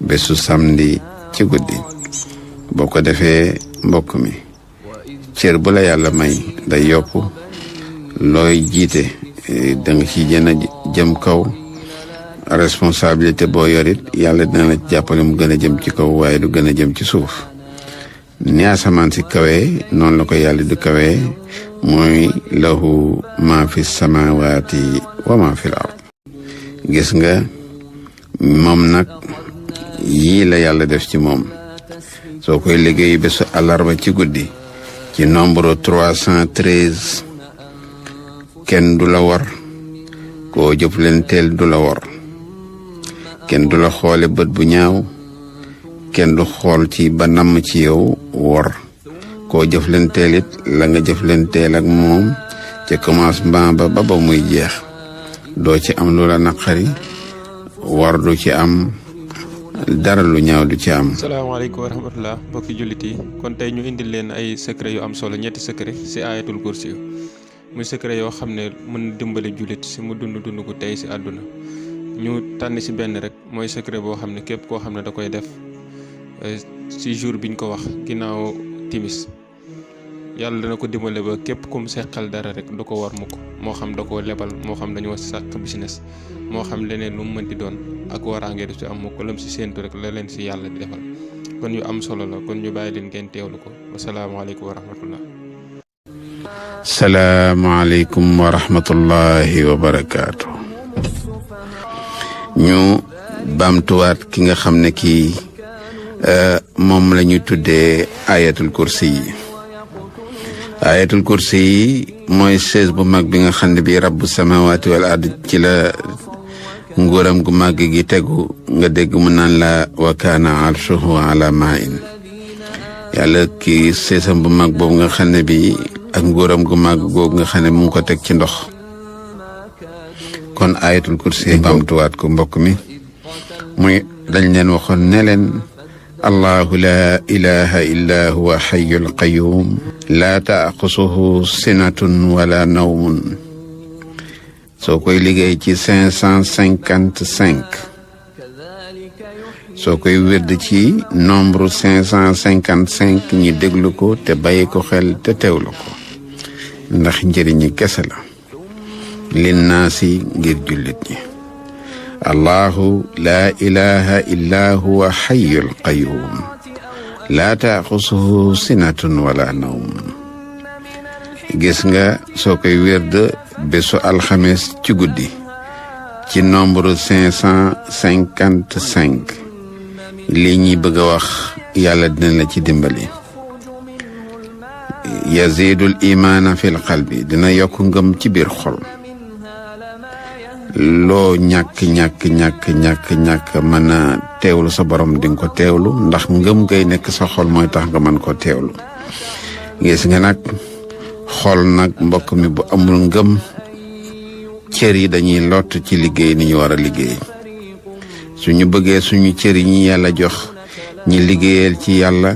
bésu samedi ci guddi boo ko defee mbokk mi cër bu la yàlla may day yokk looy jiite eh, da ci gën a jëm kaw responsabilité boo yorit yàlla dina la jàppale mu gën a jëm ci kaw waaye du gën a jëm ci suuf ni asamaan si kawee noon la ko yàlla du kawee mooy lahu mafi fi samawaati wa ma fi gis nga moom nag yii la yàlla def ci moom soo koy liggéey bésu àllarba ci guddi ci nombre trois cent kenn du la war koo jëf leen teel du la war kenn du la xoole bët bu ñaaw kenn du xool ci ba namm ci yow war koo jëf leen teel it la nga jëf leen teel ak moom ca commencement ba ba ba muy jeex doo ci am lu la naqari war du ci am dara lu ñaaw lu ci am. salaamaaleykum wa rahmatulah bokki jullit yi kon tey ñu indil leen ay secret yu am solo ñetti secret si ayatul kursi muy secret yoo xam ne mën na dimbali jullit si mu dund dund ko tey si àdduna ñu tànn si benn rek mooy secret boo xam ne képp koo xam ne da koy def si eh, jour biñ ko wax ginnaaw timis. yàlla dana ko dimbale ba képp kum seqal dara rek du war mukk mo xam da ko lebal moo xam dañoo sàkk business moo xam leneen lu mën di doon ak du am mukk lam si séentu rek la leen si di defal kon yu am solo la kon ñu bàyyi leen ngeen teewlu ko wasalaamaaleykum wa rahmatullah salaamaaleykum wa rahmatullahi wa barakaatu ñu baamtuwaat ki nga xam ne kii euh, moom ayatul kursi ayatul kursi mooy chaise bu mag bi nga xam ne bii rabbu samawaati wal ard ci la nguuram gu màgg gi tegu nga dégg mu naan la wa kaana arshuhu ala maa'in yàlla kii seesam bu mag boobu nga xam ne ak nguuram gu màgg googu nga xam ne mu ko teg ci ndox kon ayatul kursi yi bamtuwaat ko mbokk mi muy dañ leen waxoon ne الله لا إله إلا هو حي القيوم لا تأخصه سنة ولا نوم سوكوي لغاية 555 سوكوي وردتي نمبر 555 ندقلوكو تبايكو خل تتولوكو نخنجريني كسلا للناس غير جلدني الله لا اله الا هو حي القيوم لا تاخذه سنه ولا نوم جسنا سوكي ويرد بسو الخميس تيغودي تي نمبر 555 لي ني بغا واخ يالا دنا دمبلي يزيد الايمان في القلب دنا يكون غم تي بير خول loo ñàkk ñàkk ñàkk ñàkk ñàkk mën a teewlu sa borom dinga ko teewlu ndax ngëm ngay nekk sa xol mooy tax nga mën koo teewlu gis nga nag xol nag mbokk mi bu amul ngëm cër yi dañuy lott ci liggéey ni ñu war a liggéey suñu bëggee suñu cër yi ñu yàlla jox ñi liggéeyal ci yàlla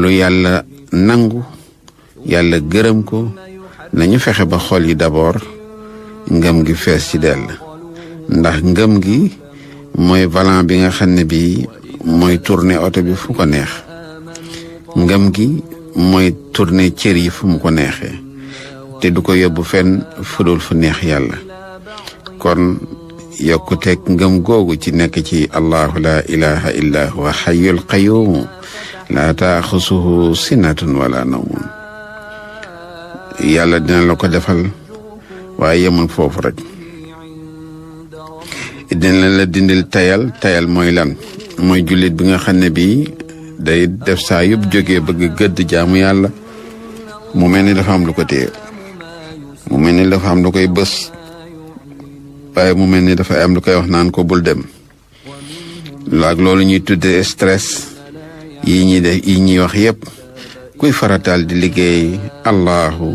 lu yàlla nangu yàlla gërëm ko nañu fexe ba xol yi d'abord ngëm gi fees ci dell ndax ngëm gi mooy volant bi nga xam ne bii mooy tourner oto bi fu ko neex ngëm gi mooy tourner cër yi fu mu ko neexee te du ko yóbbu fenn fudul fu neex yàlla kon yokkuteeg ngëm googu ci nekk ci allahu la ilaha illa huwa xayul qayumu laa taaxusuhu sinatun wala nawmun yàlla dina la ko defal waaye yemul foofu rek dinañ la dindil tayal tayal mooy lan mooy jullit bi nga xam ne bii day def saa yëpp jógee bëgg gëdd jaamu yàlla mu mel ni dafa am lu ko téye mu mel ni dafa am lu koy bës waaye mu mel ni dafa am lu koy wax naan ko bul dem laag loolu ñuy tudde stress yi ñuy def yi ñuy wax yëpp kuy farataal di liggéey allahu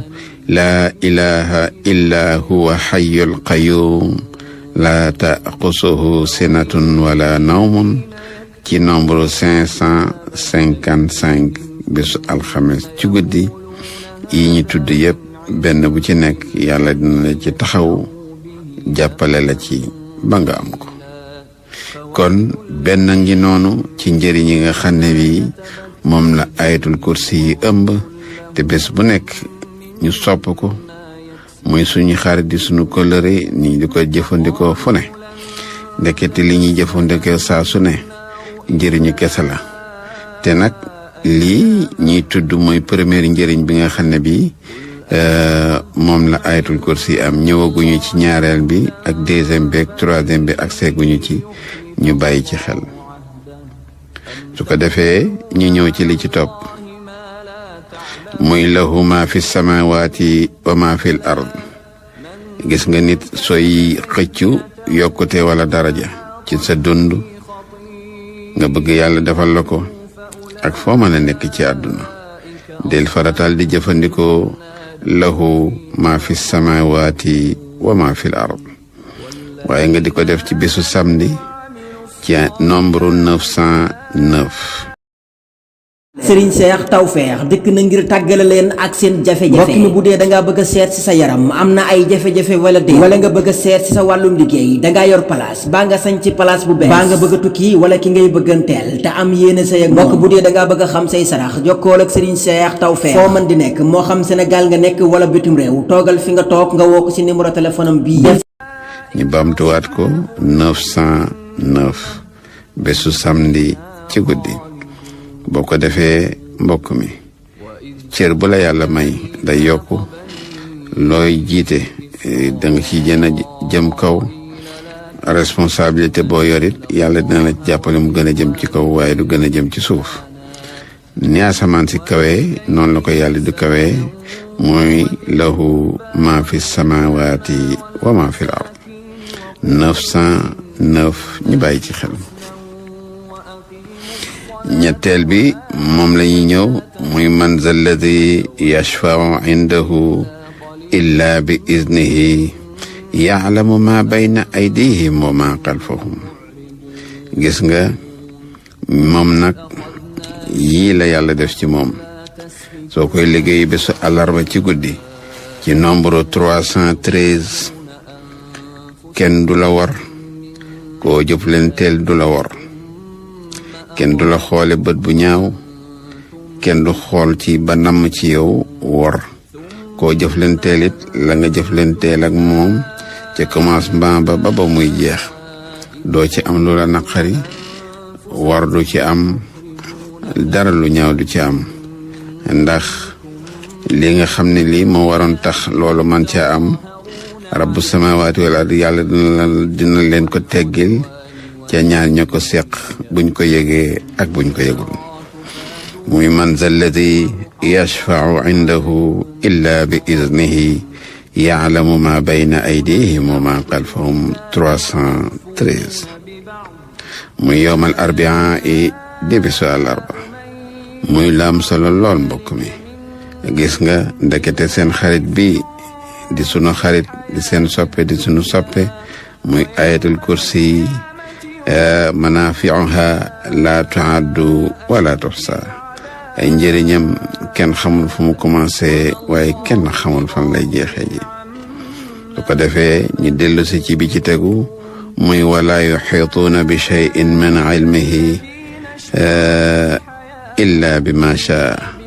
لا إله إلا هو حي القيوم لا تأقصه سنة ولا نوم ci nombre cinq cent cinquante cinq bésu alxames ci guddi yi ñu tudd yépp benn bu ci nekk yàlla dina la ci taxaw jàppale la ci ba nga am ko kon benn ngi noonu ci njëriñ yi nga xam ne bi moom la ayatul kursi yi ëmb te bés bu nekk ñu sopp ko muy suñu xarit di suñu kóllëre ñi di ko jëfandikoo fu ne ndekete li ñuy jëfandikoo saa su ne njëriñu kese la te nag lii ñuy tudd mooy première njëriñ bi nga xam ne bii euh, moom la ayatul kursi am ñëwaguñu ci ñaareel bi ak deuxième bi ak troisième bi ak seeguñu ci ñu bàyyi ci xel su ko defee ñu ñëw ci li ci topp muy lahu ma fi waati wa ma fi ard gis nga nit sooy xëccu yokkute wala daraja ci sa dund nga bëgg yàlla defal la ko ak foo mën a nekk ci àdduna del faratal di jëfandikoo lahu ma fi waati wa ma fi ard waaye nga di ko def ci bisu samedi ci nombre neuf cent neuf sëriñ Cheikh Tawfekh dikk na ngir tàggale leen ak seen jafe-jafe mbokk mi bu dee dangaa bëgg a seet si sa yaram am na ay jafe-jafe wala dee wala nga bëgg a seet si sa wàllum liggéey dangaa yor place baa nga sañ ci place bu bees baa nga bëgg tukki wala ki ngay bëgganteel te am yéene sa yëg mbokk bu dee dangaa bëgg a xam say sarax jokkool ak sëriñ Cheikh Tawfekh foo mën di nekk moo xam Sénégal nga nekk wala bitum réew toogal fi nga toog nga woo ko numéro téléphone am bii ñu bamtuwaat ko 909 bésu samedi ci guddi boo ko defee mbokk mi cër bu la yàlla may day yokk looy jiite eh, da ci gën jëm kaw responsabilité boo yorit yàlla dina la jàppale mu gën a jëm ci kaw waaye du gën a jëm ci suuf ni asamaan si kawee noonu la ko yàlla du kawee mooy lahu ma fi samawaati wa ma fi l ard ñu bàyyi ci xel ñetteel bi moom la ñuy ñëw muy man za alladi yashfau indahu illa bi iznihi yaalamu ma bayna aydihim wa ma xalfahum gis nga moom nag yii la yàlla def ci moom soo koy liggéey bésu àllarba ci guddi ci nombre trois cent kenn du la war koo teel du la war kenn du la xoole bët bu ñaaw kenn du xool ci ba namm ci yow wor koo jëflanteel la nga ak moom ca commencement ba ba ba muy jeex doo ci am lu la war du ci am dara lu ñaaw du ci am ndax li nga xam ne lii moo tax man am rabbu samawaati wal ardi yàlla dina dina ko teggil ca ñaar ña ko seq buñ ko yëgee ak buñ ko yëgul muy man za alladi yashfau indahu illa bi iznihi yaalamu ma bayna aydihim wa ma xalfahum 313 muy yowmal arbia i débisu arba muy laam solo lool mbokk mi gis nga ndekete seen xarit bi di sunu xarit di seen soppe di sunu soppe muy ayatul kursi منافعها لا تعد ولا تحصى انجرينم كان خمل فمو كومانسي واي كان خمل فان لا جيخي دوكو دافي ني ديلو سي تي بيتي تيغو موي ولا يحيطون بشيء من علمه آه، الا بما شاء